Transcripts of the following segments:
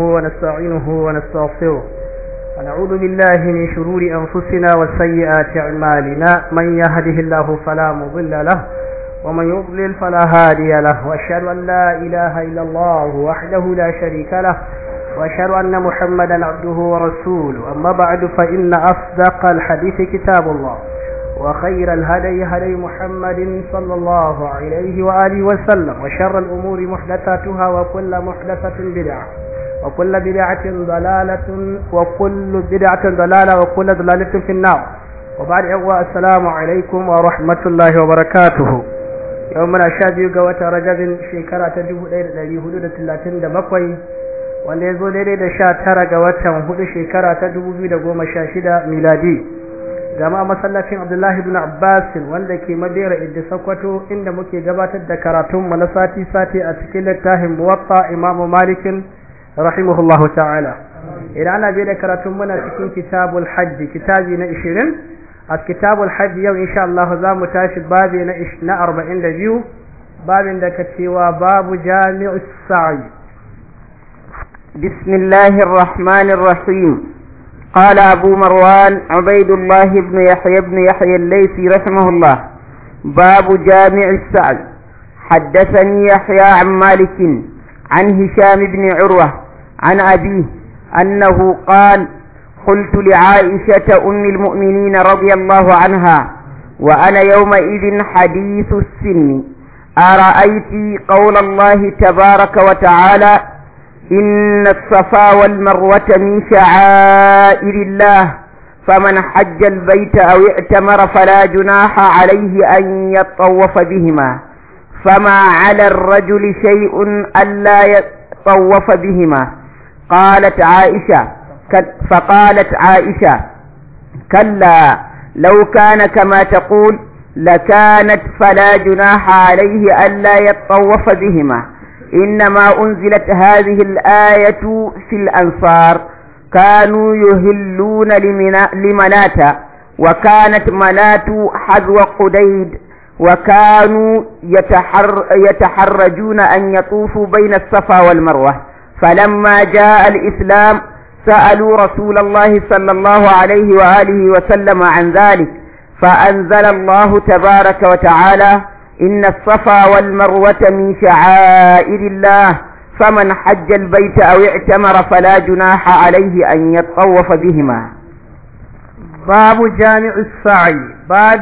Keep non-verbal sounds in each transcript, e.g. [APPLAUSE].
ونستعينه ونستغفره ونعوذ بالله من شرور أنفسنا وسيئات أعمالنا من يهده الله فلا مضل له ومن يضلل فلا هادي له وأشهد أن لا إله إلا الله وحده لا شريك له وأشهد أن محمدا عبده ورسوله أما بعد فإن أصدق الحديث كتاب الله وخير الهدي هدي محمد صلى الله عليه وآله وسلم وشر الأمور محدثاتها وكل محدثة بدعة وكل بدعة ضلالة وكل بدعة ضلالة وكل ضلالة في النار وبعد أقوى السلام عليكم ورحمة الله وبركاته يومنا شابي قوة رجب شكرا تجيب ليلة للي هدودة اللاتين دمقوي wanda ya zo daidai da sha tara ga watan hudu shekara ta dubu biyu da goma sha shida miladi gama masallacin abdullahi ibn abbas wanda ke madera idda sakwato inda muke gabatar da karatunmu na sati-sati a cikin littafin muwatta imamu malikin رحمه الله تعالى إلى أن أبي لك رتمنا تكون كتاب الحج كتابي نئشرين الكتاب الحج يوم إن شاء الله ذا متاشد بابي نئشنا أربعين لجيو باب عندك سوى جامع السعي بسم الله الرحمن الرحيم قال أبو مروان عبيد الله بن يحيى بن يحيى الليثي رحمه الله باب جامع السعي حدثني يحيى عن مالك عن هشام بن عروة عن أبيه أنه قال قلت لعائشة أم المؤمنين رضي الله عنها وأنا يومئذ حديث السن أرأيت قول الله تبارك وتعالى إن الصفا والمروة من شعائر الله فمن حج البيت أو ائتمر فلا جناح عليه أن يطوف بهما فما على الرجل شيء ألا يطوف بهما قالت عائشة فقالت عائشة كلا لو كان كما تقول لكانت فلا جناح عليه ألا يتطوف بهما إنما أنزلت هذه الآية في الأنصار كانوا يهلون لمناة وكانت مناة حذو قديد وكانوا يتحر يتحرجون أن يطوفوا بين الصفا والمروة فلما جاء الإسلام سألوا رسول الله صلى الله عليه وآله وسلم عن ذلك فأنزل الله تبارك وتعالى إن الصفا والمروة من شعائر الله فمن حج البيت أو اعتمر فلا جناح عليه أن يتطوف بهما باب جامع السعي ba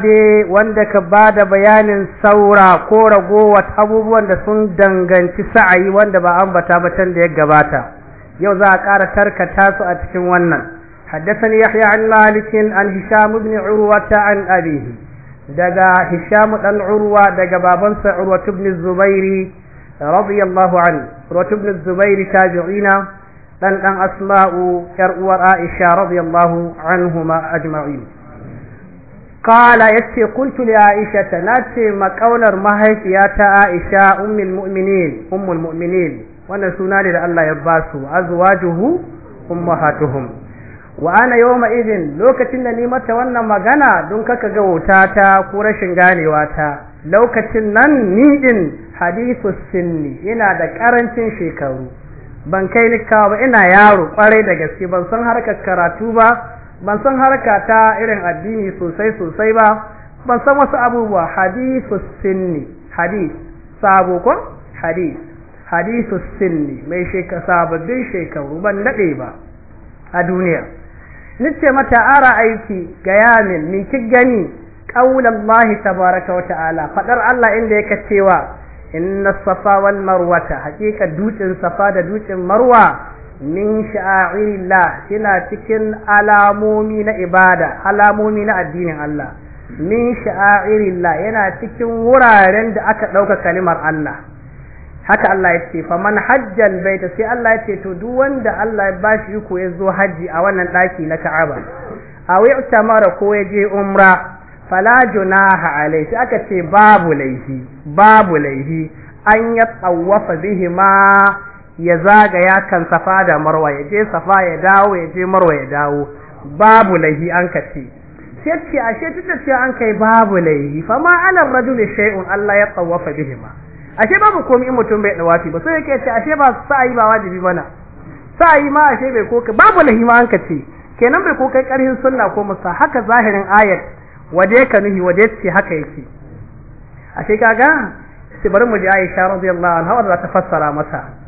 wanda ka ba da bayanin saura ko ragowa abubuwan da sun danganci sa'ayi wanda ba bata ba can da ya gabata yau za a ƙara tarkata su a cikin wannan haddathani yahya an malikin an hisham ibn urwa ta an abihi daga hishamu dan urwa daga babansa sa urwa ibn zubairi radiyallahu an urwa ibn zubairi tabi'ina dan dan asma'u yar uwar aisha radiyallahu anhuma ajma'in Kala ya ce, Kuntu li Aisha ta na ce makaunar mahaifiyata Aisha ummul mu'minin, ummul mu'minin, wannan suna ne da Allah ya ba su, azwajuhu ummahatuhum. Wa ana yawma idin lokacin da ni mata wannan magana don kaka ga wuta ta ko rashin ganewa ta. Lokacin nan ni din hadithu sinni ina da karancin shekaru. Ban kai ni kawo ba ina yaro kwarai da gaske ban san harkar karatu ba ban san harka ta irin addini sosai sosai ba ban san wasu abubuwa hadithu sinni hadith sabo ko hadith hadithu sinni mai sheka sababbin shekaru ban dade ba a duniya nice mata ara aiki ga yamin ni ki gani qaulallahi tabaaraka wa ta'ala fadar Allah inda yake cewa inna safa wal marwata hakika dutsen safa da dutsen marwa min sha'irillah yana cikin alamomi na ibada alamomi na addinin Allah min sha'irillah yana cikin wuraren da aka ɗauka kalimar Allah haka Allah ya ce fa man hajjal baita sai Allah ya ce to duk wanda Allah ya bashi ko ya zo haji a wannan ɗaki na Ka'aba A wai mara ko ya je umra fala junaha alai sai aka ce babu laifi babu laifi an yatsawafa bihi ma. ya zagaya kan safa da marwa ya je safa ya dawo ya je marwa ya dawo babu lahi an ka ce sai ce ashe tuta ce an kai babu lahi fa ma ala rajul shay'un Allah ya tawafa bihima ashe babu komai in mutum bai dawafi ba sai yake ce ashe ba sa'i ba wajibi bana sa'i ma ashe bai ko kai, babu lahi ma an ka ce kenan bai ko kai karhin sunna ko musa haka zahirin ayat waje ka nuhi waje ce haka yake ashe kaga sai bari mu ji Aisha radiyallahu anha wadda ta fassara masa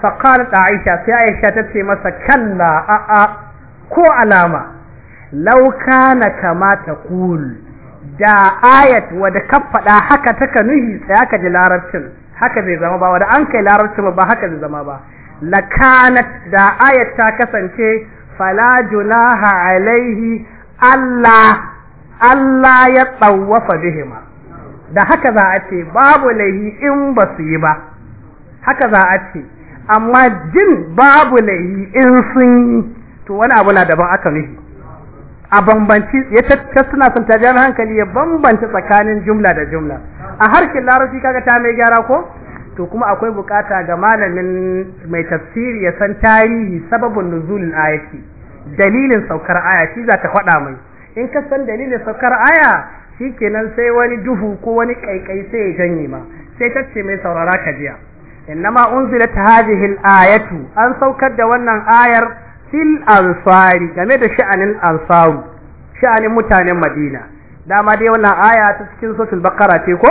da aisha sai aisha ta ce masa kalla a'a ko alama lauka na kamata kul da ayat wadda ka faɗa haka taka nuhi sai haka ji larabcin haka zai zama ba wadda an kai larabcin ba haka zai zama ba lakanat da ayat ta kasance fala junaha alaihi Allah Allah ya tsawafa bihima da haka za a ce babu laihi in ba su yi ba haka za a ce amma jin babu layi in sun yi to wani abu na daban aka nufi a bambanci ya tattar suna son ta jami hankali ya bambanci tsakanin jumla da jumla a harkin larabci kaga ta mai gyara ko to kuma akwai bukata ga malamin mai tafsiri ya san tarihi sababin nuzulin ayati dalilin saukar aya shi ta faɗa mai in ka san dalilin saukar aya shi kenan sai wani duhu ko wani kaikai sai ya janye ma sai tacce mai saurara ka jiya innama unzilat hadhihi al-ayatu an saukar da wannan ayar fil ansari game da sha'anin ansaru sha'anin mutanen madina dama dai wannan aya ta cikin suratul baqara ce ko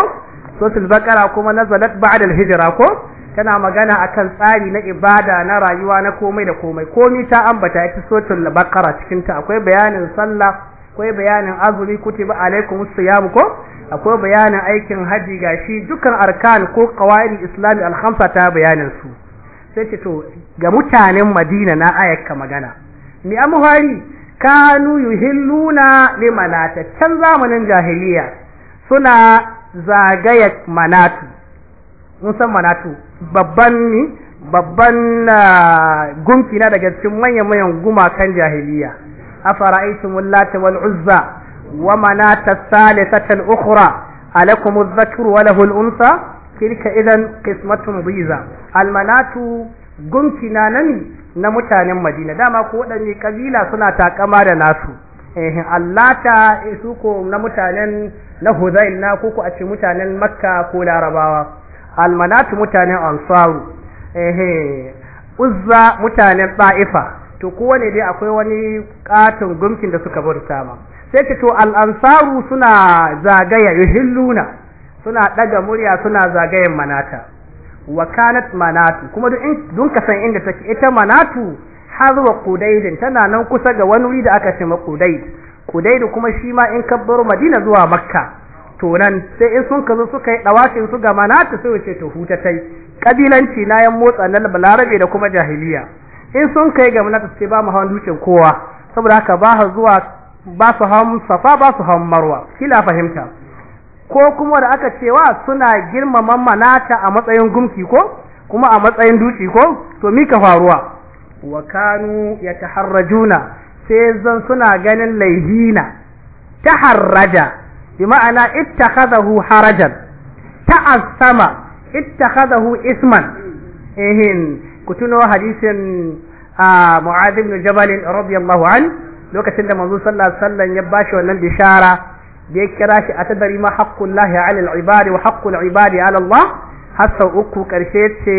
suratul baqara kuma nazalat ba'da al-hijra ko tana magana akan tsari na ibada na rayuwa na komai da komai komai ta ambata ita suratul baqara cikin ta akwai bayanin sallah akwai bayanin azumi kutiba alaikum siyam ko akwai bayanin aikin haji gashi dukan arkan ko qawaid islami al ta bayanin su sai ce to ga mutanen Madina na ayyaka magana ni amhari kanu yuhilluna limanata can zamanin jahiliya suna zagaya manatu mun san manatu babban ni babban ah, gunki na daga cikin manyan manyan gumakan jahiliya أفرأيتم اللات والعزى ومناة الثالثة الأخرى ألكم الذكر وله الأنثى تلك إذا قسمة ضيزى المناة gunki nan na mutanen Madina dama ko waɗanne kabila suna takama da nasu eh Allata su ko na mutanen na Huzail na ko a ce mutanen Makka ko Larabawa almanatu mutanen Ansaru eh Uzza mutanen Taifa to kowane dai akwai wani katon gumkin da suka bar ma sai ki to al'ansaru suna zagaya yuhilluna suna daga murya suna zagayen manata wa kanat manatu kuma duk in dun ka inda take ita manatu har wa qudaydin tana nan kusa ga wani wuri da aka ce maqudayd qudayd kuma shi ma in kabbaru madina zuwa makka to nan sai in sun kazo suka yi dawashin su ga manatu sai wuce to hutatai kabilanci na yan motsa nan balarabe da kuma jahiliya in sun kai ga mulata sai ba mu hawan dukin kowa saboda haka ba zuwa ba su hawan safa ba su hawan marwa kila fahimta ko kuma da aka cewa suna girmama manata a matsayin gumki ko kuma a matsayin duci ko to mika faruwa wa kanu yataharrajuna sai zan suna ganin laihina taharraja bi ma'ana ittakhadahu harajan ta'assama ittakhadahu isman ehin ku tuno hadisin a Mu'adh ibn Jabal radiyallahu an lokacin da manzo sallallahu alaihi wasallam ya bashi wannan bishara da ya kira shi atadari ma haqqullahi 'ala al-ibadi wa haqqul ibadi 'ala Allah hasa uku karshe ce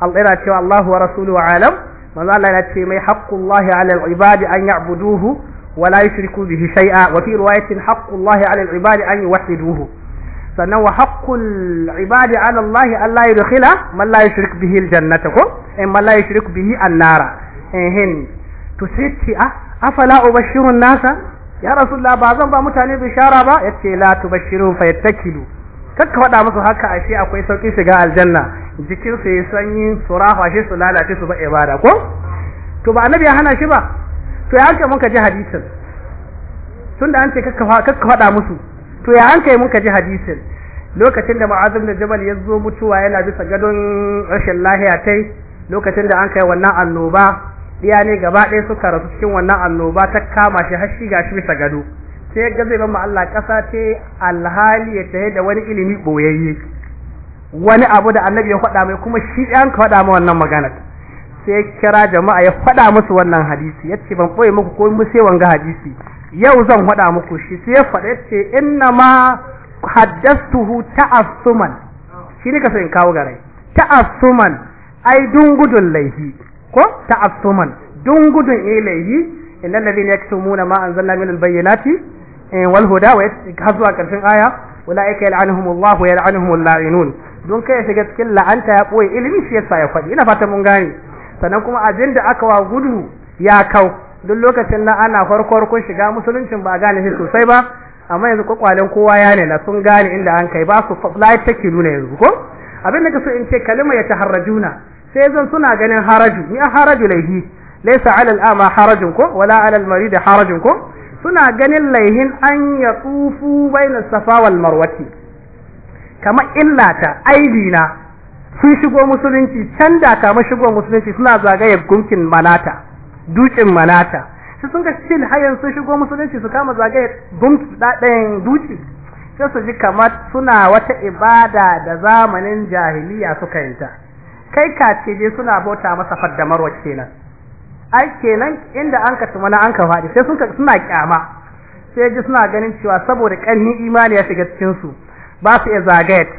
Allah cewa Allah wa rasuluhu alam manzo Allah ya ce mai haqqullahi 'ala al-ibadi an ya'buduhu wa la yushriku bihi shay'a wa fi riwayatin haqqullahi 'ala al-ibadi an yuwahhiduhu sannan wa haqqul ibadi ala Allah Allah ya dukhila man la yushrik bihi aljannata ko in eh, man la yushrik bihi annara ehin to sai ce ah afala ubashirun nasa ya rasulullah ba zan ba mutane bishara ba yace la tubashirun fayattakilu kakka faɗa musu haka ashe akwai sauki shiga aljanna jikin su yi sanyi su rafa shi su lalace su ba ibada ko to ba annabi ya hana shi ba to ya mun ka ji hadisin tunda an ce kakka kakka faɗa musu to ya an kai mun kaji hadisin lokacin da ma'azin da Jabal ya zo mutuwa yana bisa gadon rashin lahiya tai lokacin da an kai wannan annoba iya ne gaba ɗaya suka rasu cikin wannan annoba ta kama shi har shi gashi bisa gado sai ga zai bamma Allah kasa ce alhali ya tahe da wani ilimi boyayye wani abu da annabi ya faɗa mai kuma shi ɗan ka faɗa ma wannan magana sai kira jama'a ya faɗa musu wannan hadisi ya ce ban ɓoye muku ko mu sai wanga hadisi yau zan faɗa muku shi sai ya faɗa ce inna ma haddastuhu ta'assuman shi ne ka in kawo garai ta'assuman ai dungudun laihi ko ta'assuman dungudun eh laihi innal ladina yaktumuna ma anzalna minal bayyinati eh, wal huda wa yahzu karshen aya ulaika yal'anuhumullahu wa yal'anuhumul la'inun don kai ya shiga cikin la'anta ya koyi ilimi shi yasa ya faɗi ina fata mun gane sannan kuma abinda aka wa gudu ya kau duk lokacin na ana farkon kun shiga musuluncin ba a gane shi sosai ba amma yanzu kwakwalen kowa ya ne na sun gane inda an kai ba su flight take nuna yanzu ko abin da so in ce kalima ya taharrajuna sai zan suna ganin haraju ni haraju laihi laysa ala al-ama harajun ko wala ala al-marid harajun ko suna ganin laihin an ya tsufu bainas safa wal marwati kamar illata aidi na sun shigo musulunci can da kama shigo musulunci suna zagaye gunkin malata. dukin manata su sun ga hayan sun shigo musulunci su kama zagaye gumki daɗayan duki sai su ji kamar suna wata ibada da zamanin jahiliya suka yi ta kai ka ce dai suna bauta masa faddamarwa kenan ai kenan inda an ka tumana an ka faɗi sai sun suna kyama sai ji suna ganin cewa saboda kanni imani ya shiga cikin su ba su iya zagayet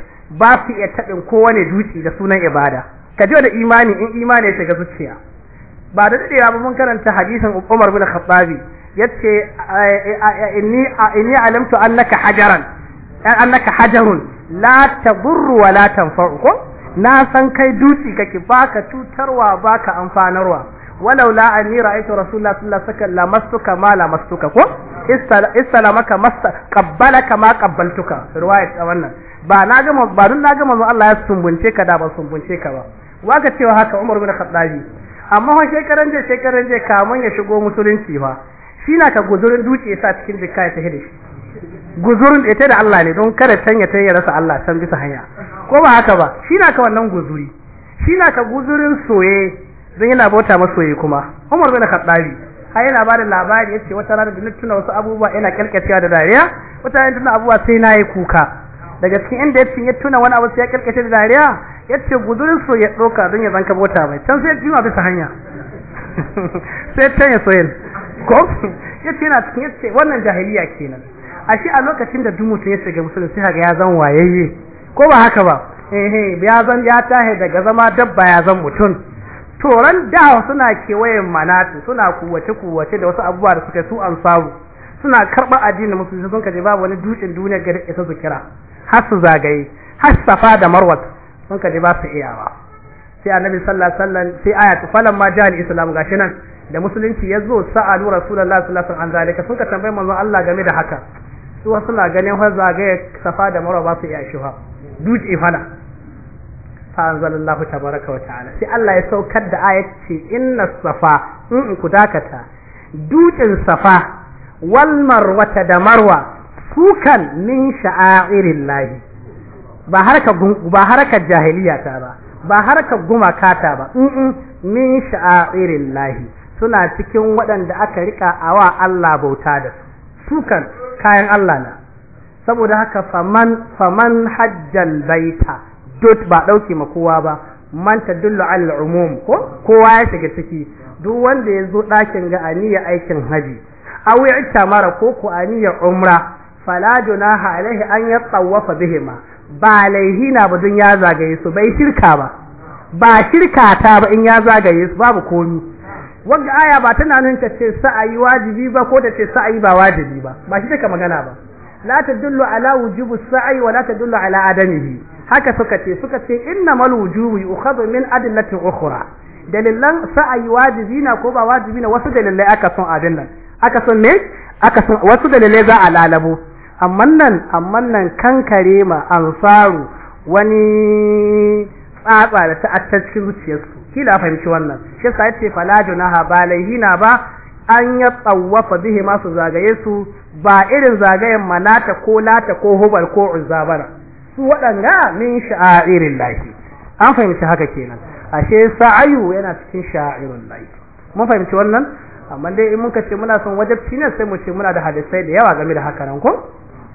ba su iya taɓin kowane duki da sunan ibada ka ji da imani in imani ya shiga zuciya ba da dadewa ba mun karanta hadisin Umar bin Khattab yace inni inni alamtu annaka hajaran annaka hajarun la tadur wa la tanfa'u ko na san kai dutsi kake baka tutarwa baka amfanarwa walau la anni ra'aytu rasulullah sallallahu alaihi wasallam mastuka ma la mastuka ko istalamaka masta qabbalaka ma qabbaltuka riwayat wannan ba na gama ba dun na gama Allah ya sumbunce ka da ba sumbunce ka ba waka cewa haka Umar bin Khattabi amma fa shekaran je shekaran je kamun ya shigo musulunci fa shi na ka guzurin duke yasa cikin jikka ya tafi da shi guzurin ita da Allah ne don kada san ya tayi rasa Allah san bisa hanya ko ba haka ba shi na ka wannan guzuri shi na ka guzurin soye don yana bauta masoyi kuma Umar bin Khattab har yana bada labari yace wata rana da tuna wasu abubuwa yana kalkacewa da dariya wata rana tuna abubuwa sai nayi kuka daga cikin inda ya tuna wani abu sai ya kalkace da dariya yace gudurin so ya doka don ya zanka bota mai can sai jima bisa hanya [LAUGHS] sai ta ya soyin ko yace yana cikin yace wannan jahiliya kenan ashe a lokacin da dumutu ya shiga musulunci sai ga ya zan wayayye ko ba haka ba eh ya zan ya tahe daga zama dabba ya zan mutum toran da suna kewayen manatu suna kuwace kuwace da wasu abubuwa da suka su an samu suna karɓar addinin musulunci sun kaje babu wani dutsen duniya ga da isa su kira har su zagaye har safa da marwat sun ka ji ba su iyawa sai annabi sallallahu alaihi wasallam sai aya falan ma jahil islam gashi nan da musulunci ya zo sa'alu rasulullahi sallallahu alaihi wasallam an zalika sun ka tambayi manzon Allah game da haka su wasu na ganin har zagaye safa da marwa ba su iya shi ba duk ifala fa anzalallahu tabaraka wa ta'ala sai Allah ya saukar da ayat ce inna safa in ku dakata dutsen safa wal marwa da marwa sukan min sha'airillahi lahi ba harkar ba harkar jahiliya ta ba ba harkar gumaka ta ba mm min sha'irillahi suna cikin waɗanda aka rika awa Allah bauta da su sukan kayan Allah na saboda haka faman faman hajjal baita dot ba dauke ma kowa ba man tadullu al umum ko kowa ya shiga ciki duk wanda ya zo ɗakin ga aniya aikin haji aw mara ko ko aniya umra fala junaha alaihi an yatawafa bihima ba laihi na ba don ya zagaye su bai shirka ba ba shirka ta ba in ya zagaye su babu komi wanda aya ba tana nan ta ce sa'ayi wajibi ba ko ta ce sa'ayi ba wajibi ba ba shi take magana ba la tadullu ala wujubi sa'ayi wa la tadullu ala adamihi haka suka ce suka ce innamal wujubu ukhadhu min adillati ukhra dalilan sa'ayi wajibi na ko ba wajibi na wasu dalilai aka son abin nan aka son ne aka son wasu dalilai za a lalabo amma nan amman nan kankare ma ansaru wani tsatsa da ta'atta cikin zuciyarsu kila fahimci wannan shi yasa yace fala junaha balaihina ba an ya tsawafa bihi masu zagaye su ba irin zagayen malata ko lata ko hubal ko uzabara su waɗanga min sha'irin lahi an fahimci haka kenan ashe sa'ayu yana cikin sha'irin lahi mun fahimci wannan amma dai in muka ce muna son wajabci ne sai mu ce muna da hadisai da yawa game da haka nan ko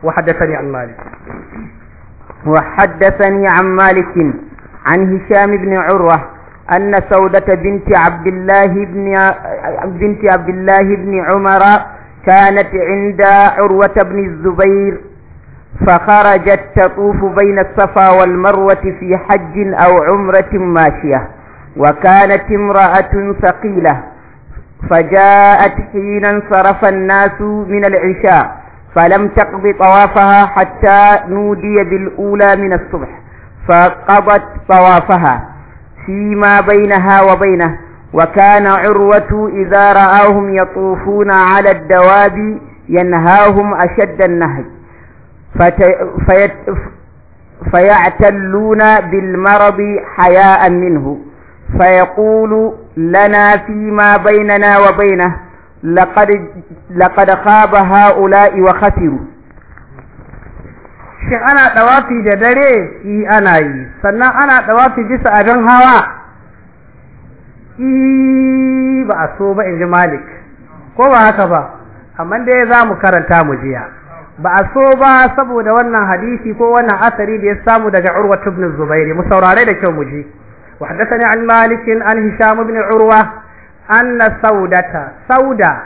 وحدثني عن مالك وحدثني عن مالك عن هشام بن عروة أن سودة بنت عبد الله بن بنت عبد الله بن عمر كانت عند عروة بن الزبير فخرجت تطوف بين الصفا والمروة في حج أو عمرة ماشية وكانت امرأة ثقيلة فجاءت حين انصرف الناس من العشاء فلم تقض طوافها حتى نودي بالأولى من الصبح فقضت طوافها فيما بينها وبينه وكان عروة إذا رآهم يطوفون على الدواب ينهاهم أشد النهج فيعتلون بالمرض حياء منه فيقول لنا فيما بيننا وبينه laqad khaba ha'ula'i wa khasiru shin ana ɗawafi da dare yi e, ana yi sannan ana ɗawafi bisa abin hawa yi e, ba a so ba in ji malik ko ba haka ba amma dai za mu karanta mu jiya ba a so ba saboda wannan hadisi ko wannan asari da ya samu daga urwa ibn zubairi mu saurare da kyau mu ji وحدثني an مالك an hisham ibn urwa anna saudata sauda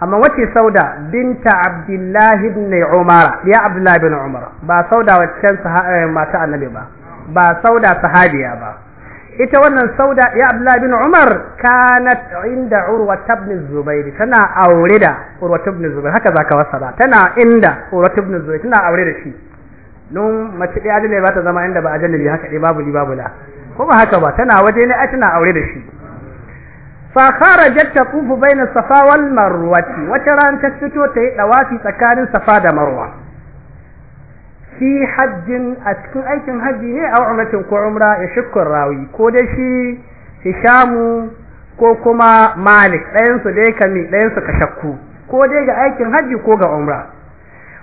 amma wace sauda binta abdullahi ibn umar ya abdullahi ibn umar ba sauda waccan eh, mata annabi ba ba sauda sahabiya ba ita wannan sauda ya abdullahi ibn umar kanat inda urwa ibn zubair tana aure da urwa ibn zubair haka zaka ba, tana inda urwa ibn zubair tana aure da shi don mace ɗaya ajnabi ba ta zama inda ba ajnabi haka dai babu li babu la ko ba haka ba tana waje ne tana aure da shi fa kharajat taqufu baina safa wal marwa wata ran ta fito ta yi dawafi tsakanin safa da marwa fi hajjin a cikin aikin hajji ne a umratin ko umra ya shukkur rawi ko dai shi hishamu ko kuma malik ɗayan su dai kami ɗayan su ka shakku ko dai ga aikin hajji ko ga umra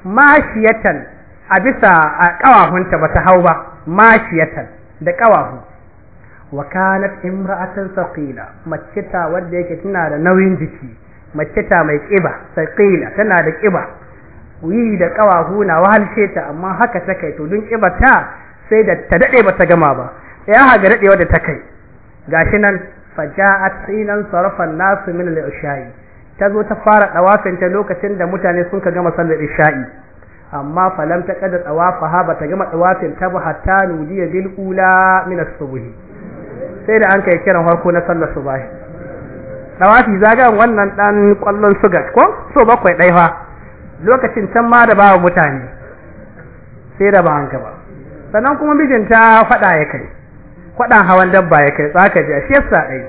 mashiyatan a bisa a kawahunta bata hau ba mashiyatan da kawahu wa kanat imra'atan saqila mace ta wanda yake tana da nauyin jiki mace ta mai kiba saqila tana da kiba yi da kawahu na wahalshe ta amma haka ta to dun kiba ta sai da ta dade bata gama ba ya haga dadewa da ta kai gashi nan faja'at sinan sarafan nasu min al-isha'i ta zo ta fara dawafin ta lokacin da mutane sun ka gama sallar isha'i amma falam ta kada tsawafa ha bata gama dawafin ta ba hatta nudiya bil ula min as sai da an kai kiran harko na sallar subahi dawafi zagan wannan dan kwallon suga ko so bakwai dai fa lokacin can ma da bawa mutane sai da ba an ba sannan kuma mijinta fada ya kai kwadan hawan dabba ya kai tsaka ji shi yasa dai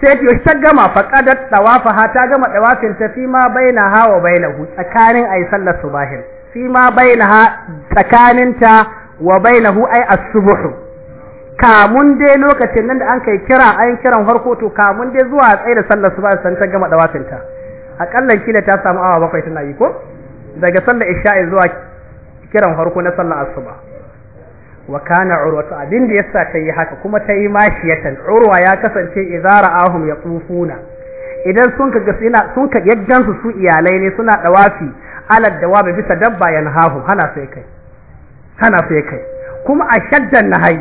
sai ki ta gama faqadat tawafa ha ta gama dawafin ta fi ma baina ha wa hu tsakanin ai sallar subahin fi ma baina ha tsakanin ta wa bainahu ay as-subhu kamun dai lokacin nan da an kai kira ayin kiran farko to kamun dai zuwa tsaye da sallar su ba san ta gama dawafinta ta kila ta samu awa bakwai tana yi ko daga sallar isha'i zuwa kiran farko na sallar asuba wa kana urwatu abin da yasa ta yi haka kuma ta yi mashiyatan urwa ya kasance idza ra'ahum yaqufuna idan sun ga suna sun ka yaggan su su iyalai ne suna dawafi alad dawabi bisa dabba yanhahum hana sai kai hana sai kai kuma ashaddan nahayi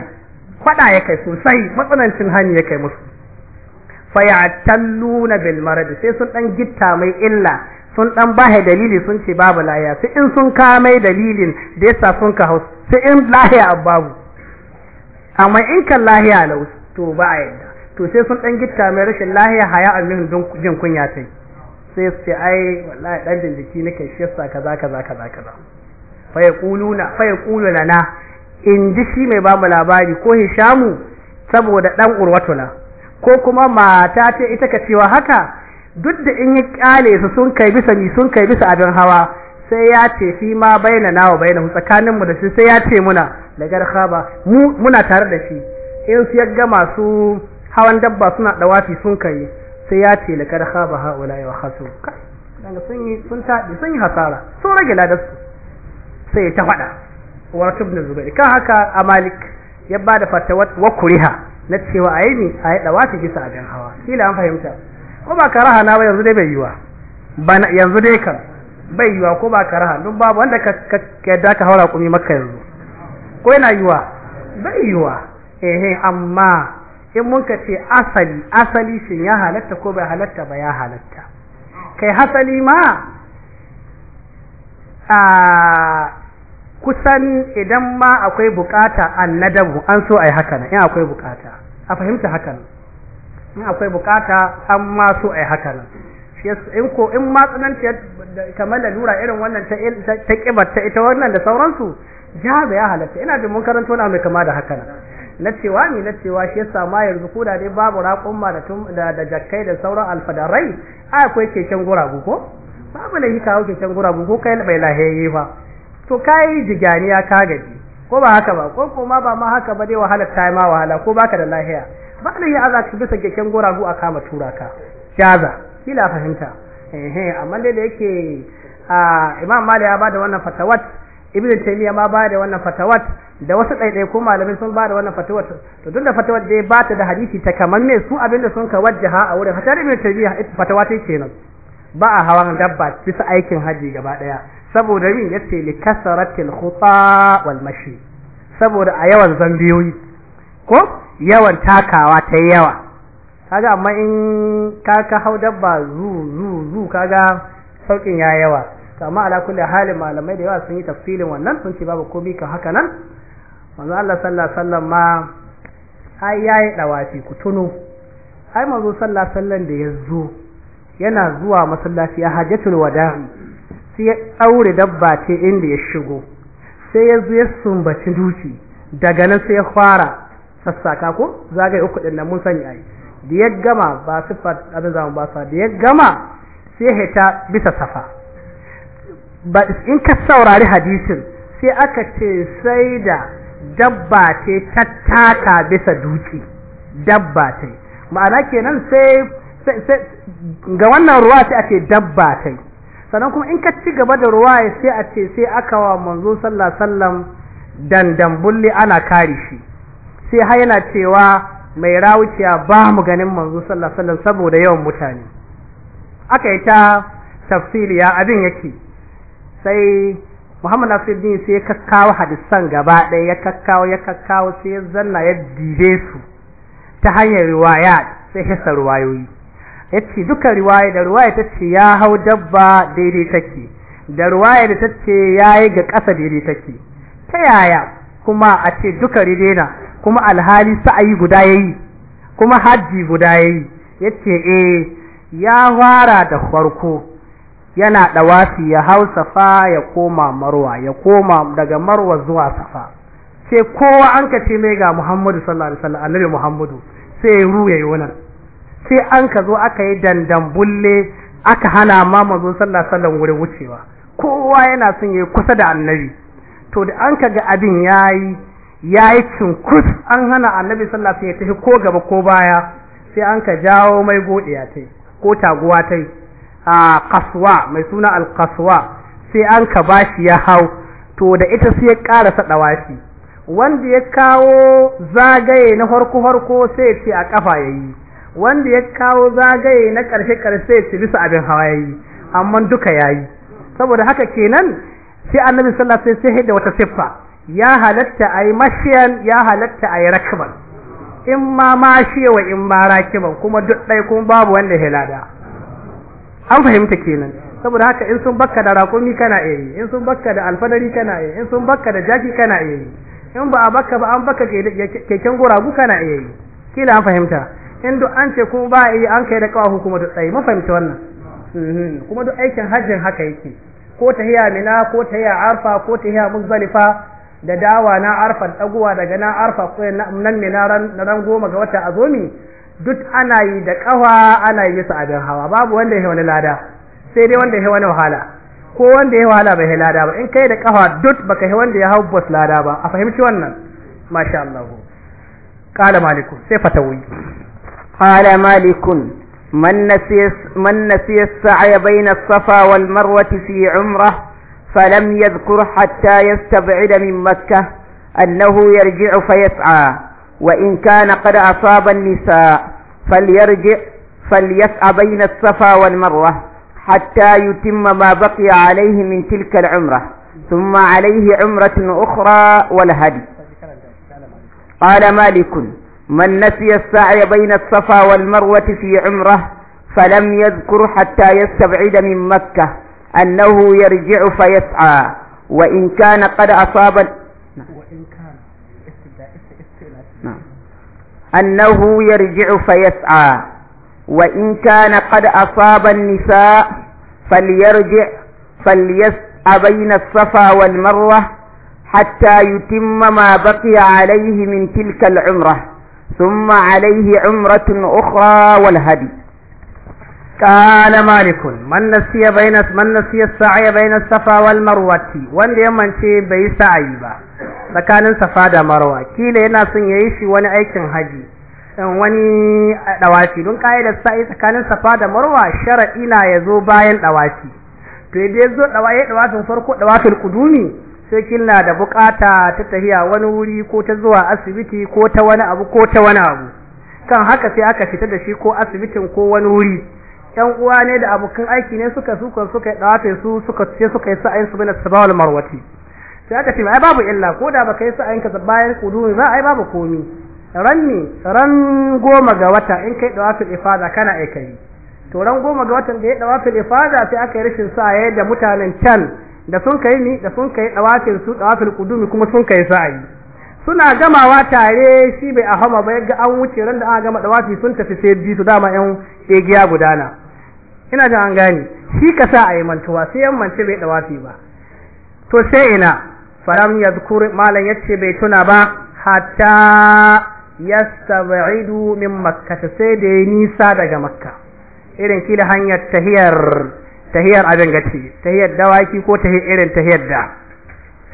faɗa ya kai sosai matsanancin hani ya kai musu fayatalluna bil marad sai sun dan gitta mai illa sun dan bahe dalili sun ce babu laya sai in sun ka mai dalilin da yasa sun ka hausa sai in lahiya babu amma in kan lahiya lau to ba a yadda to sai sun dan gitta mai rashin lahiya haya a amin jin kunya tai sai su ce ai wallahi dan jiki nake shi yasa kaza kaza kaza kaza fa yaquluna fa yaquluna na in ji shi mai bamu labari ko hishamu saboda dan urwatula ko kuma mata ce ita ka cewa haka duk da in yi kyale su sun kai bisa ni sun kai bisa abin hawa sai ya ce fi ma baina nawa bayyana tsakanin mu da shi sai ya ce muna mu muna tare da shi in su yaga masu hawan dabba suna wafi sun kai sai ya ce ya sun yi sun sun yi hasara sun rage su sai ta faɗa warka ibn zubair kan haka a malik ya ba da fatawat wa kuriha na cewa ayi ne ayi dawati bisa abin hawa kila an fahimta ko ba karaha na ba yanzu dai bai yiwa bana yanzu dai kan bai yiwa ko ba karaha duk babu wanda ka yadda ka haura kumi makka yanzu ko yana yiwa bai yiwa eh amma in mun ka ce asali asali shin ya halatta ko bai halatta ba ya halatta kai hasali ma a kusan idan ma akwai bukata annadabu an so ai haka nan in akwai bukata a fahimta haka nan in akwai bukata an ma so ai haka nan in ko in ma tsanantiyar kamar lura irin wannan ta kibar ta ita wannan da sauransu jaza ya halatta ina jin mun karanta wani mai kama da haka nan na cewa ni na cewa shi yasa ma yanzu ko da dai babu raƙumma da da da jakkai da sauran alfadarai akwai keken guragu ko babu ne hikawo keken guragu ko kai bai lahayi ba. to kai jiganiya ka gaji ko ba haka ba ko kuma ba ma haka ba dai wahala ta ma wahala ko baka da lahiya ba ne ya azaka bisa keken goragu a kama tura ka shaza kila fahimta eh eh amma dai da yake a Imam mali ya bada wannan fatawat Ibn taymiya ma bada wannan fatawat da wasu daidai ko malamin sun bada wannan fatawat to tunda fatawat dai ba ta da hadisi ta kamar me su abinda sun ka wajjaha a wurin hatta Ibn taymiya fatawa ce kenan ba a hawan dabba bisa aikin haji gaba daya saboda yin yace li kasaratil khuta wal mashi saboda a yawan zambiyoyi ko yawan takawa ta yawa kaga amma in ka ka hau dabba zu zu zu kaga saukin ya yawa to amma ala kulli halin malamai da yawa sun yi tafsilin wannan sun ce babu komai ka haka nan manzo Allah sallallahu alaihi wasallam ma ai yayi dawafi ku tuno ai manzo sallallahu alaihi wasallam da yazo yana zuwa masallaci ya hajjatul wada'i sai ya ɗaure dabba ce inda ya shigo sai ya zo ya sumbaci duki daga nan sai ya fara sassaka ko zagaye uku din nan mun sani ai da ya gama ba sifat abin zamu ba sa da ya gama sai ya hita bisa safa ba in ka saurari hadisin sai aka ce sai da dabba ce ta bisa duki dabba ce ma'ana kenan sai ga wannan ruwa sai ake dabba ce sannan kuma in ka ci gaba da ruwa ya sai a ce sai aka wa manzo sallallahu alaihi wasallam ana kare shi sai har yana cewa mai rawuciya ba mu ganin manzo sallallahu alaihi saboda yawan mutane aka yi ta tafsiri ya abin yake sai Muhammad Nasiruddin sai ya kakkawo hadisan gaba ɗaya ya kakkawo ya kakkawo sai ya zanna ya dibe su ta hanyar riwaya sai hisa riwayoyi ya ce duka riwaya da riwaya ce ya hau dabba daidai take da riwaya da ya yi ga ƙasa daidai take ta yaya kuma a ce duka ridena kuma alhali sa'ayi guda yayi kuma hajji guda ya yayi yace eh ya fara da farko yana dawafi ya hau safa ya koma marwa ya koma daga marwa zuwa safa ce kowa an ka ce mai ga Muhammadu sallallahu alaihi annabi Muhammadu sai ya yi wannan sai an ka zo aka yi dandambulle aka hana ma mazo sallah sallan wurin wucewa kowa yana son ya kusa da annabi to da an ka ga abin yayi yayi cinkus an hana annabi sallah sai ya tafi ko gaba ko baya sai an ka jawo mai godiya tai ko taguwa tai a kaswa mai suna alkaswa sai an ka bashi ya hau to da ita sai ya ƙara karasa dawashi wanda ya kawo zagaye na harko harko sai ya ce a kafa yayi wanda ya kawo zagaye na ƙarshe-ƙarshe su bisa abin hawa amma duka ya yi saboda haka kenan sai annabi sallallahu alaihi wasallam sai da wata siffa ya halatta a yi mashiyan ya halatta a yi rakban in ma mashiya wa in ma rakiban kuma duk ɗai kuma babu wanda hilada an fahimta kenan saboda haka in sun bakka da rakumi kana yi in sun bakka da alfadari kana yi in sun bakka da jaki kana yi in ba a bakka ba an bakka keken guragu kana yi kila an fahimta in duk an ce kuma ba yi an kai da kawahu kuma duk tsaye mafahimci wannan mhm. kuma duk aikin hajjin haka yake ko ta tahiya mina ko ta tahiya arfa ko ta tahiya Muzalifa, da dawa na arfa ɗaguwa daga na arfa ko nan mina na ran goma ga wata azomi duk ana yi da kawa ana yi su abin hawa babu wanda ya wani lada sai dai wanda ya wani wahala ko wanda ya wahala bai lada ba in kai da kawa duk baka yi wanda ya hau bas lada ba a fahimci wannan masha Allah qala maliku sai fatawi قال مالك من نسي من نسي السعي بين الصفا والمروة في عمره فلم يذكر حتى يستبعد من مكة أنه يرجع فيسعى وإن كان قد أصاب النساء فليرجع فليسعى بين الصفا والمروة حتى يتم ما بقي عليه من تلك العمرة ثم عليه عمرة أخرى والهدي قال مالك من نسي السعي بين الصفا والمروة في عمره فلم يذكر حتى يستبعد من مكة أنه يرجع فيسعى وإن كان قد أصاب وإن كان نعم. أنه يرجع فيسعى وإن كان قد أصاب النساء فليرجع فليسعى بين الصفا والمروة حتى يتم ما بقي عليه من تلك العمره ثم عليه عمرة أخرى والهدي قال مالك من نسي بين من نسي السعي بين الصفا والمروة وان دي من بي سعي با tsakanin safa da marwa kila yana son yayi shi wani aikin haji wani dawaci don da sa'i tsakanin safa da marwa shar'i na yazo bayan dawaci. to idan zo dawaye dawafin farko dawafin kudumi sai kila da bukata ta tafiya wani wuri ko ta zuwa asibiti ko ta wani abu ko ta wani abu kan haka sai aka fita da shi ko asibitin ko wani wuri Ƴan uwa ne da abokan aiki ne suka suka suka dawafe su suka ce suka yi sa'ayin su bin sabawal marwati sai aka ce ai babu illa ko da baka yi sa'ayin ka bayan kudumi ba ai babu komi ran ne ran goma ga wata in kai dawafil ifada kana aikari to ran goma ga watan da ya dawafil ifada sai aka yi rashin sa'ayi da mutanen can da sun kai ni da sun kai dawafin su dawafin kudumi kuma sun kai sa'i suna gamawa tare shi bai a hama ba ga an wuce ran da aka gama dawafi sun tafi sai bi su dama yan egiya gudana ina da an gane shi ka sa ayi mantuwa sai yan mance bai dawafi ba to sai ina faram ya malam malan yace bai tuna ba hatta yastabidu min makkah sai da nisa daga makka irin kila hanyar tahiyar tahiyar abin gaci tahiyar dawaki ko tahiyar irin tahiyar da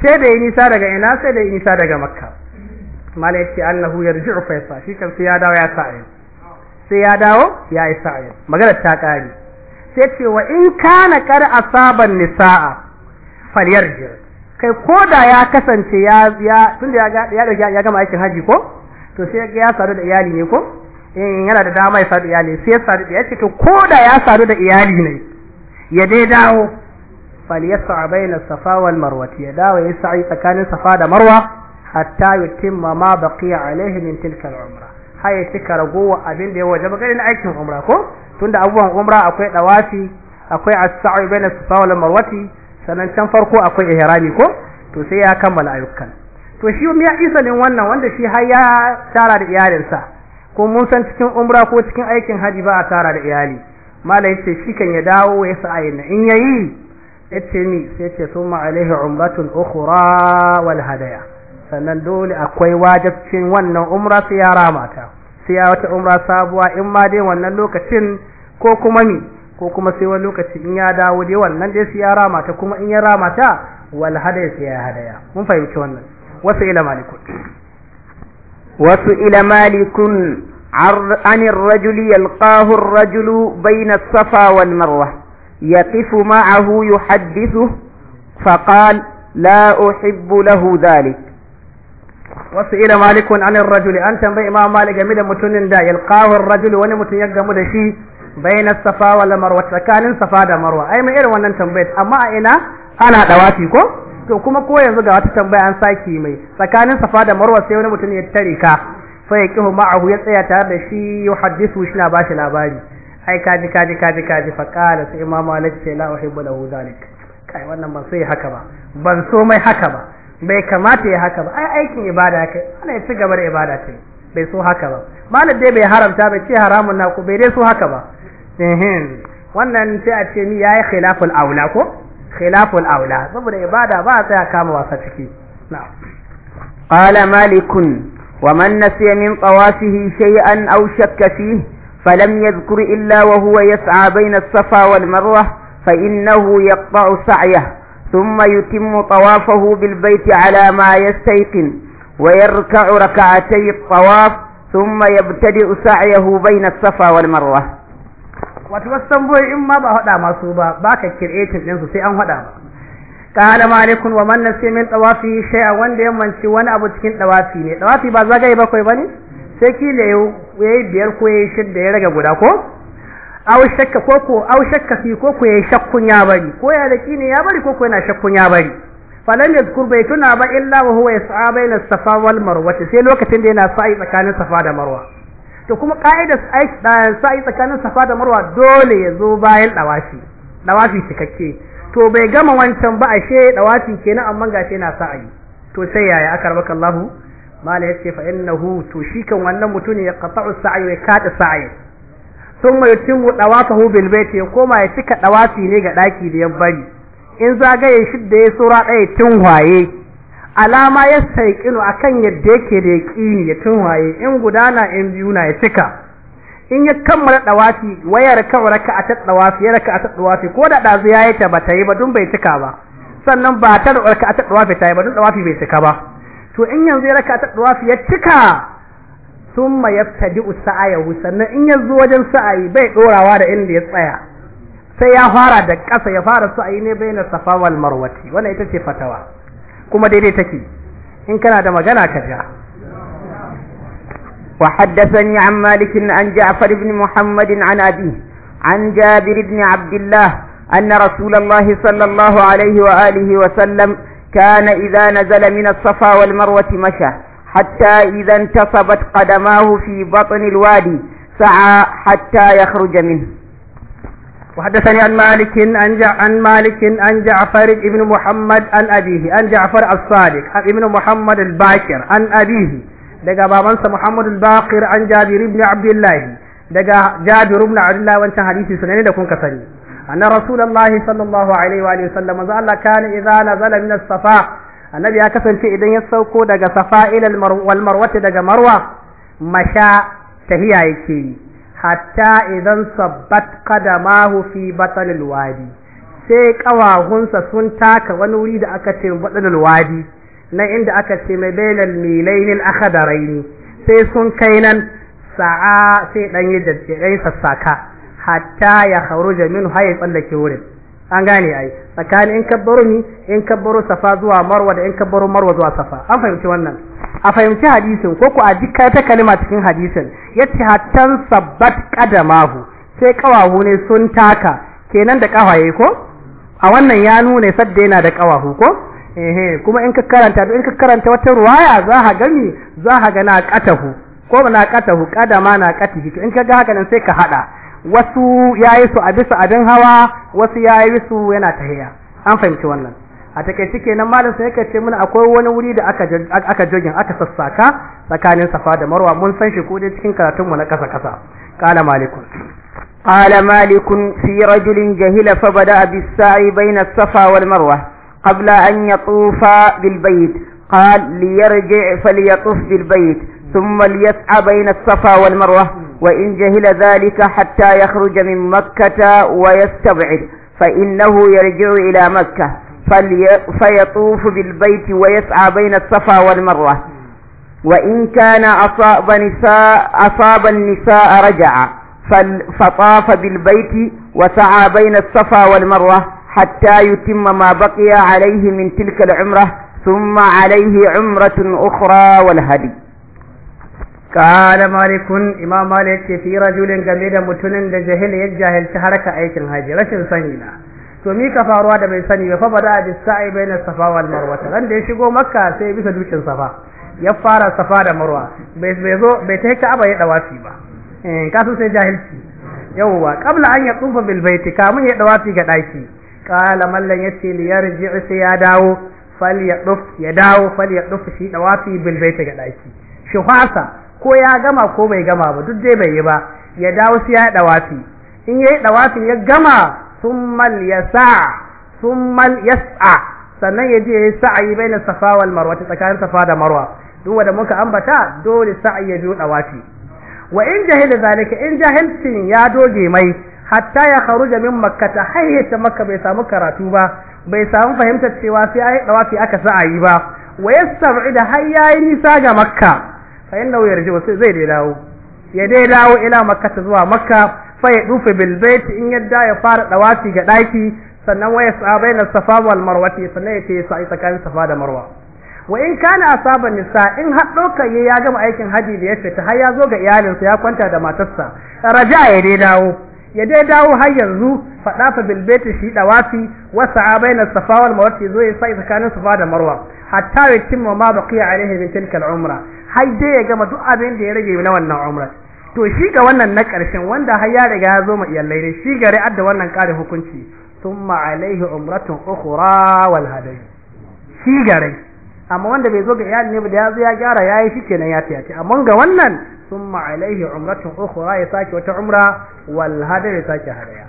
sai da yi nisa daga ina sai da yi nisa daga makka mala yace annahu yarji'u fa shi kan sai ya dawo ya sa'ayi sai ya dawo ya yi sa'ayi magana ta ƙari. sai ce wa in kana qad asaban nisaa falyarji kai da ya kasance ya ya ya ga ya gama aikin haji ko to sai ya sadu da iyali ne ko in yana da dama ya sadu iyali sai ya sadu ya ce to ya sadu da iyali ne ya dai dawo falyas'a bayyana safa wal marwa ya dawo ya sa'i tsakanin safa da marwa hatta yutimma ma baqiya alaihi min tilka al umra haye cika ragowa abin da ya ba garin aikin umra ko tunda abubuwan umra akwai dawafi akwai as-sa'i bayyana safa wal marwa sannan can farko akwai ihrami ko to sai ya kammala ayyukan to shi ya isa ne wannan wanda shi har ya tara da iyalinsa ko mun san cikin umra ko cikin aikin haji ba a tara da iyali mala yace shi kan ya dawo ya sa ayin in yayi yace ni sai yace summa alaihi umratun ukhra wal hadaya sannan dole akwai wajibcin wannan umra sai ya ramata sai ya wata umra sabuwa in ma dai wannan lokacin ko kuma ni ko kuma sai wani lokaci in ya dawo dai wannan dai sai ya ramata kuma in ya ramata wal hadaya sai ya hadaya mun fahimci wannan wasu ila malikun wasu ila malikun عن الرجل يلقاه الرجل بين الصفا والمروة يقف معه يحدثه فقال لا أحب له ذلك وسئل مالك عن الرجل أنت تنبي إمام مالك من متنين دا يلقاه الرجل وأن متن يقدم دا شيء بين الصفا والمروة فكان الصفا دا مروة أي ما irin wannan tambayar أما أنا أنا دواتيكو dawati ko to kuma ko yanzu ga wata tambaya an saki mai tsakanin safa da marwa sai wani mutum ya tare ka fa kihu ma'ahu ya tsaya tare da shi haddisu shi na bashi labari ai kaji kaji kaji kaji fa kala sai imamu malik sai la uhibbu lahu zalik kai wannan ban so ya haka ba ban so mai haka ba bai kamata ya haka ba ai aikin ibada kai ana ci gaba da ibada kai. bai so haka ba malik dai bai haramta bai ce haramun na ku bai dai so haka ba wannan sai a ce ni yayi khilaful aula ko khilaful aula saboda ibada ba a tsaya kama wasa ciki na qala malikun ومن نسي من طوافه شيئا أو شك فيه فلم يذكر إلا وهو يسعى بين الصفا والمروة فإنه يقطع سعيه ثم يتم طوافه بالبيت على ما يستيقن ويركع ركعتي الطواف ثم يبتدئ سعيه بين الصفا والمروة wato wasu tambayoyi in ma ba haɗa masu ba ba ka kirɗe sai an ba قال مالك ومن نسي من طوافه شيئا wanda ya manci wani abu cikin tawafi ne tawafi ba zagaye bakwai bane sai kila yau yayi biyar ko yayi shidda ya raga guda ko aw shakka ko ko aw shakka ko ko yayi shakkun ya bari ko ya da kini ya bari ko ko yana shakkun ya bari falan yazkur tuna ba illa wa huwa yas'a baina safa wal marwa sai lokacin da yana sa'i tsakanin safa da marwa to kuma ka'idar sa'i tsakanin safa da marwa dole ya zo bayan ɗawafi dawafi cikakke to bai gama wancan ba ashe dawafin kenan amma gashi yana sa'ayi to sai yaya aka rabaka Allahu mala yace fa innahu to shi kan wannan mutune ya qata'u sa'yi ya kada sa'ayi." thumma yutimmu dawafahu bil bayt ya koma ya cika dawati ne ga daki da ya bari in zagaye shidda ya sura daya waye. alama ya saikinu akan yadda yake da yaqini ya tunwaye in gudana in biyu na ya cika in ya kammala dawafi wayar raka a ta dawafi ya a ta dawafi ko da dazu yayi ta bata yi ba dun bai cika ba sannan ba ta a ta dawafi ta yi ba dun dawafi bai cika ba to in yanzu ya a ta dawafi ya cika thumma yabtadi'u sa'ayahu sannan in ya wajen sa'ayi bai dorawa da inda ya tsaya sai ya fara da kasa ya fara sa'ayi ne bayin safa wal marwati wannan ita ce fatawa kuma daidai take in kana da magana ka ja وحدثني عن مالك عن جعفر بن محمد عن أبيه عن جابر بن عبد الله أن رسول الله صلى الله عليه وآله وسلم كان إذا نزل من الصفا والمروة مشى حتى إذا انتصبت قدماه في بطن الوادي سعى حتى يخرج منه وحدثني عن مالك عن عن مالك عن جعفر بن محمد عن أبيه عن جعفر الصادق عن ابن محمد الباكر عن أبيه daga babansa Muhammad al-Baqir an Jabir ibn Abdullah daga Jabir ibn Abdullah wancan hadisi sunane da kun ka sani anna Rasulullah sallallahu alaihi wa alihi sallam za Allah kana idza nazala min as-safa annabi ya kasance idan ya sauko daga safa ila al marwata daga marwa masha tahiya yake hatta idan sabbat qadamahu fi batal al-wadi sai kawahunsa sun taka wani wuri da aka ce batal al-wadi na inda aka ce mai bainal da raini sai sun kai nan sa'a sai dan yi jajjirai sassaka hatta ya hauro min haye tsallake wurin an gane ai tsakanin in kabbaru ni in kabbaru safa zuwa marwa da in kabbaru marwa zuwa safa an fahimci wannan a fahimci hadisin ko ku a jikka ta kalma cikin hadisin yace hattan sabbat qadamahu sai kawahu ne sun taka kenan da kawaye ko a wannan ya nuna sadda yana da kawahu ko ehe kuma in ka karanta in ka karanta wata ruwaya za ha gani za ka ga na ko na kada ma na qatihi to in ka ga haka nan sai ka haɗa wasu yayi su a bisa abin hawa wasu yayi su yana tahiya an fahimci wannan a takaice kenan malam sai yake ce mana akwai wani wuri da aka aka jogin aka sassaka tsakanin safa da marwa mun san shi ko dai cikin karatun mu na kasa kasa qala malikun qala malikun fi rajulin jahila fa bada bis sa'i bayna safa wal marwa قبل أن يطوف بالبيت قال ليرجع فليطوف بالبيت ثم ليسعى بين الصفا والمروة وإن جهل ذلك حتى يخرج من مكة ويستبعد فإنه يرجع إلى مكة فيطوف بالبيت ويسعى بين الصفا والمروة وإن كان أصاب نساء أصاب النساء رجع فطاف بالبيت وسعى بين الصفا والمروة حتى يتم ما بقي عليه umratun تلك العمرة ثم عليه عمرة أخرى والهدي قال مالك إمام مالك في رجل قميد متن لجهل يجهل شهرك أيك الهجي رشل سنينا to mi ka faruwa da bai sani ba fa bada da sa'i bainas safa wal marwa ran da shigo makka sai bisa dukin safa ya fara safa da marwa bai zo bai ta ka'aba ya dawafi kasu sai jahilci yawwa qabla an ya tsufa bilbaiti baiti kamun ya dawafi ga daki qala mallan li yarji sai ya dawo fal ya duf ya dawo fal ya duf shi wafi bil baiti ga daki shi fasa ko ya gama ko bai gama ba duk dai bai yi ba ya dawo sai ya dawafi in yayi dawafi ya gama summal yasa summal yas'a sannan ya je ya sa'ayi baina safa wal marwa tsakanin safa da marwa duk wanda muka ambata dole sa'i ya biyo dawafi wa in jahil zalika in jahilcin ya doge mai hatta ya kharuja min makka ta hayyata makka bai samu karatu ba bai samu fahimtar cewa sai ayi dawafi aka sa yi ba wa yastab'ida har yayi nisa ga makka fa inna yarji sai zai dai dawo ya dai dawo ila makka ta zuwa makka fa ya dufa bil in yadda ya fara dawafi ga daki sannan waya sa baina safa wal marwa sannan ya ce sai tsakanin safa da marwa wa in kana asaban nisa in har dokan ya gama aikin haji da ya fita har ya zo ga iyalinsa ya kwanta da matarsa raja ya dai dawo ya dai dawo har yanzu faɗa fa bil baiti shi dawafi wa sa'a baina safa wal marwa zo ya sai tsakanin safa da marwa hatta ya timma ma baqiya alaihi min tilka al umra har dai ya gama duk abin da ya rage na wannan umra to shi ga wannan na karshen wanda har ya riga ya zo ma iyalai ne shi gare adda wannan kare hukunci thumma alaihi umratun ukhra wal hadai shi gare amma wanda bai zo ga iyali ne ba da ya zo ya gyara yayi shikenan ya tiyace amma ga wannan summa alaihi umratun ukhra ya sake wata umra wal hada ya sake hadaya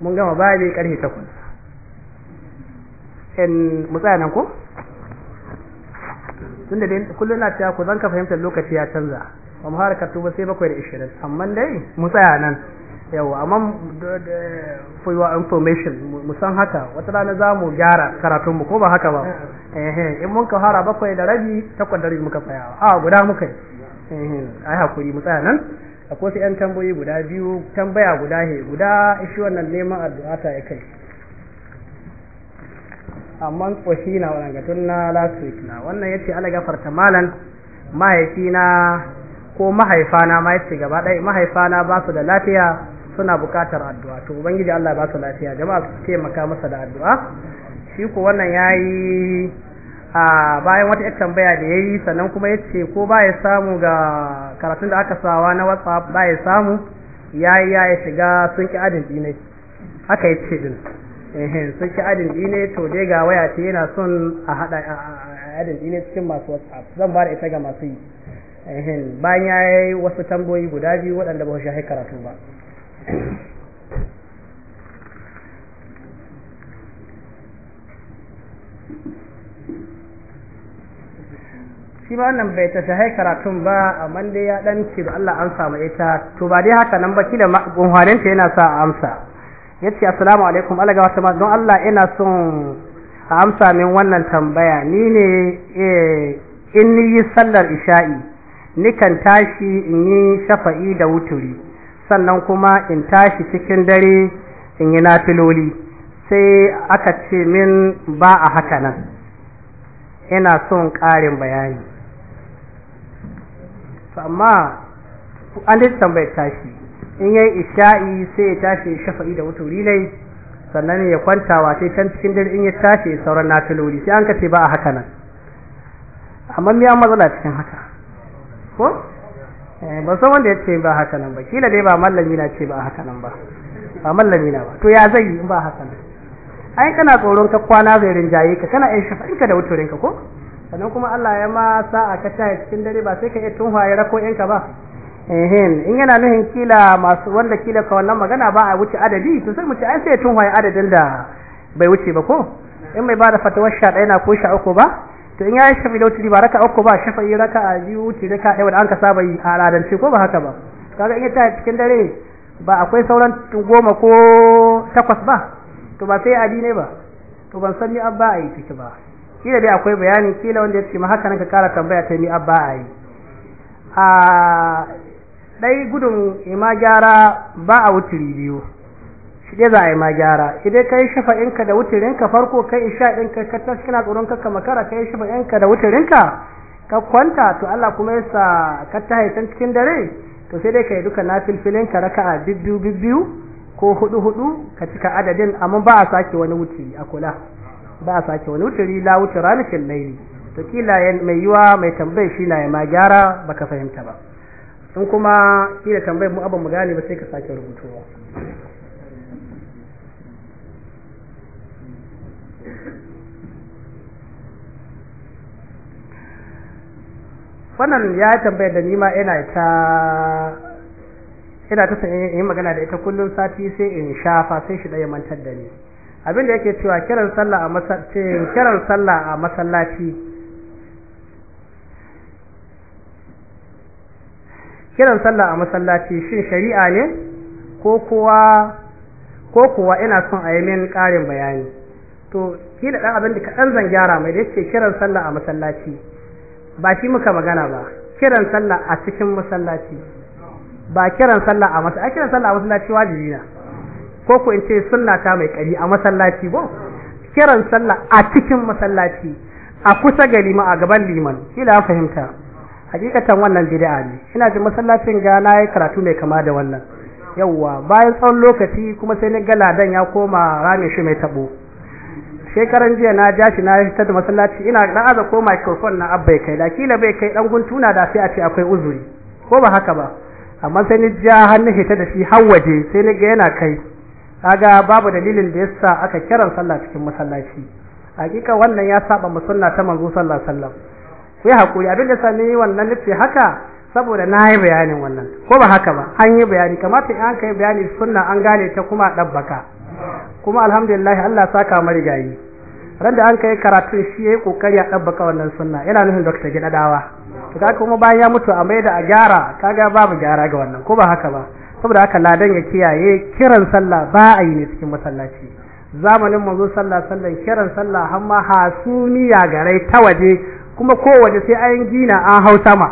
mun gama babi karfe 8 in mutsaya nan ko tunda dai kullun na ku zanka fahimtar lokaci ya canza amma har ka sai bakwai da ishirin amma dai nan yawa for your information mu haka wata rana za mu gyara karatun mu ko ba haka ba eh, eh. in mun ka fara bakwai da rabi takwas muka fayawa a guda muka yi Eh, ai hakuri mu tsaya nan akwai wasu yan tambayoyi guda biyu tambaya guda he guda shi wannan neman addu'a ta ya kai amma tsohi na wannan gatun na last week na wannan yace Allah gafarta malan mahaifina ko mahaifana ma yace gaba ɗaya mahaifana ba su da lafiya suna buƙatar addu'a to ubangiji Allah ba su lafiya jama'a su taimaka masa da addu'a shi ko wannan yayi a bayan wata yar tambaya da yayi sannan kuma yace ko ba ya samu ga karatun da aka sawa na WhatsApp ba ya samu yayi ya shiga sun ki adin dine haka yace din eh sun ki adin dine to dai ga waya ce yana son a hada adin dine cikin masu WhatsApp zan ba ita ga masu yi eh bayan yayi wasu tambayoyi guda biyu waɗanda ba su shahi karatu ba shi ma wannan bai tashahai karatun ba amma dai ya dan ce ba Allah an samu ita to ba dai haka nan ba kila gunhwanin ta yana sa amsa yace assalamu alaikum Allah ga wata don Allah ina son a amsa min wannan tambaya ni ne eh, in yi sallar isha'i nikan tashi in yi shafa'i da wuturi sannan kuma in tashi cikin dare in yi nafiloli sai aka ce min ba a haka nan ina son ƙarin bayani to amma an dai tambayar tashi in yayi isha'i sai ya tashi shafa'i da wuturi ne sannan ya kwantawa sai can cikin dare in ya tashi sauran nafiloli sai an kace ba a haka nan amma me an matsala cikin haka ko eh, ba san wanda ya ce ba haka nan ba kila dai ba mallami na ce ba haka nan ba ba mallami na ba to ya zai in ba haka nan ai kana tsoron ka kwana zai rinjaye ka kana yin shafa'i ka da wuturin ka ko sannan kuma Allah ya ma sa a ka tashi cikin dare ba sai ka iya tunhaye yanka ba ehin in yana nuhin kila masu wanda kila ka wannan magana ba a wuce adadi to sai mu ce ai sai tunhaye adadin da bai wuce ba ko in mai da fata sha ɗaya na ko sha uku ba to in ya yi shafi lauti ba raka uku ba shafa yi raka a biyu wuce raka ɗaya wanda an ka saba yi a al'adance ko ba haka ba kaga in ya taya cikin dare ba akwai sauran goma ko takwas ba to ba sai adi ne ba to ban san ni abba a yi ciki ba kila dai akwai bayani kila wanda ya ce ma haka nan ka kara tambaya ta ni abba a yi a dai gudun ima gyara ba a wuturi biyu shi dai za a yi ma gyara shi dai kai shafa'inka da wuturinka farko kai isha ɗinka ka tashi kana tsoron kakka makara kai shafa'inka da wuturinka ka kwanta to Allah kuma yasa ka ta haitan cikin dare to sai dai kai duka na nafilfilinka raka'a bibbiyu bibbiyu ko hudu hudu ka cika adadin amma ba a sake wani wuturi a kula ba a sake wani wuturi la wutura ranakin laili to kila mai yiwa mai tambayar shi na ma gyara baka fahimta ba in kuma kila tambayar mu abin mu gane ba sai ka sake rubutuwa wannan ya tambaya da ni ma ina ta ina ta in yi magana da ita kullum sati sai in shafa sai shi ɗaya mantar da ni abin da yake cewa kiran sallah a masallaci kiran sallah a masallaci kiran sallah a masallaci shin shari'a ne ko kuwa ko kuwa ina son a yi min ƙarin bayani to da ɗan abin da kaɗan zan gyara mai da yake kiran sallah a masallaci ba shi muka magana ba kiran sallah a cikin masallaci ba kiran sallah a masallaci kiran sallah a masallaci wajibi na ko ku in ce sunna ta mai kari a masallaci ba kiran sallah a cikin masallaci a kusa ga lima a gaban liman kila fahimta hakikatan wannan bid'a ne ina ji masallacin ga na yi karatu mai kama da wannan yawwa bayan tsawon lokaci kuma sai ni galadan ya koma rame shi mai tabo shekaran jiya na jashi shi na fitar da masallaci ina na aza ko microphone na abbai kai da kila bai kai dan guntuna da sai a ce akwai uzuri ko ba haka ba amma sai ni ja hannu hita da shi har waje sai ni ga yana kai kaga babu dalilin da yasa aka kiran sallah cikin masallaci hakika wannan ya saba musunna ta manzo sallallahu alaihi wasallam ku yi hakuri abin da sani wannan nufi haka saboda na yi bayanin wannan ko ba haka ba an yi bayani kamata in an kai bayani sunna an gane ta kuma dabbaka kuma alhamdulillah Allah saka gayi. ran da an kai karatu shi yayi kokari a dabbaka wannan sunna yana nufin Dr. Gidadawa kaga kuma bayan ya mutu a maida a gyara kaga babu gyara ga wannan ko ba haka ba saboda haka ladan ya kiyaye kiran sallah ba a yi ne cikin masallaci zamanin manzo sallah sallan kiran sallah har ma hasumiya garai ta waje kuma ko waje sai an gina an hau sama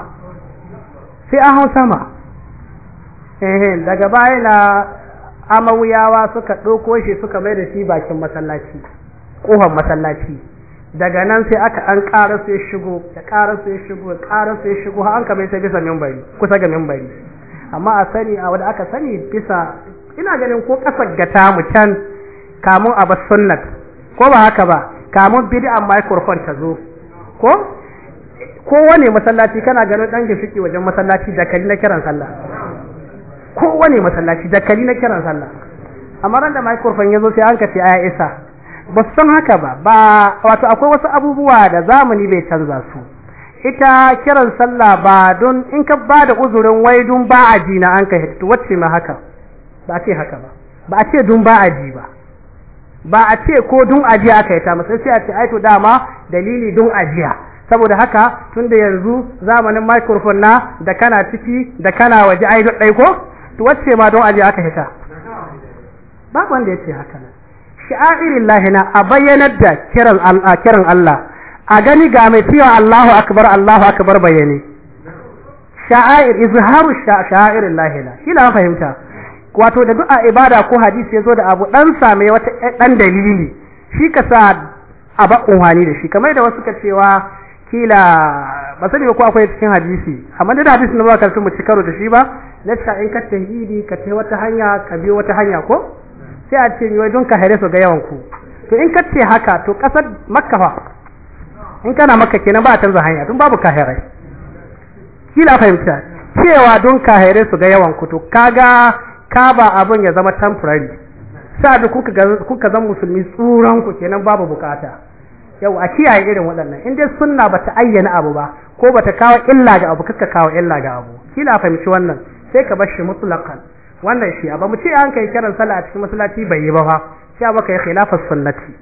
sai an hau sama eh daga baya na amawiyawa suka ɗauko shi suka mai da shi bakin masallaci ƙofar masallaci daga nan sai aka an ƙara sai shigo da ƙara sai shigo ƙara sai shigo har an kamar sai bisa mimbari kusa ga mimbari amma a sani a wanda aka sani bisa ina ganin ko kasar gata mu can kamun a bas sunnat ko ba haka ba kamun a microphone ta zo ko kowane masallaci kana ganin dan gishiki wajen masallaci da kali na kiran sallah kowane masallaci da kali na kiran sallah amma ran da microphone ya zo sai an ka ce aya isa ba san haka ba ba wato akwai wasu abubuwa da zamani bai canza su ita kiran sallah ba don in ka ba da uzurin wai dun ba a ji na an ka hitu wacce ma haka ba a ce haka ba ba a ce dun ba a ji ba ba a ce ko dun ajiya aka yi ta masu sai a ce aito dama dalili dun ajiya saboda haka tun da yanzu zamanin microphone na da kana ciki da kana waje ai yi dai to wacce ma don ajiya aka hita babu wanda ya ce haka nan shi'airin lahina a bayyanar da kiran Allah a gani ga mai cewa Allahu akbar Allahu akbar bayani sha'air izharu sha'air lahila shi la fahimta wato da du'a ibada ko hadisi yazo da abu dan same wata dan eh, dalili shi ka sa a ba da shi kamar da wasu ka cewa kila ba sani ba ko akwai cikin hadisi amma da hadisi na ba ka mu ci karo da shi ba na ta in ka tahidi ka tai wata hanya ka biyo wata hanya ko sai a ce ni wai don ka hare su ga yawan ku to in ka ce haka to kasar makka fa in kana maka kenan ba a canza hanya tun babu kahirai kila fahimta cewa don kahirai su ga yawan kutu kaga ka ba abin ya zama temporary sa da kuka zama musulmi tsoron ku kenan babu bukata yau a kiyaye irin waɗannan in dai sunna ta ayyana abu ba ko ba ta kawo illa ga abu kuka kawo illa ga abu kila fahimci wannan sai ka bar shi wannan shi ba mu ce an kai kiran sallah a cikin bai yi ba fa sai aka yi sunnati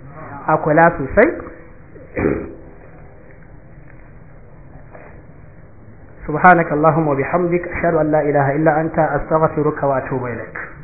a kula sosai subhanakallahumma wa bihamdik ashhadu an la ilaha illa anta astaghfiruka wa atubu ilaik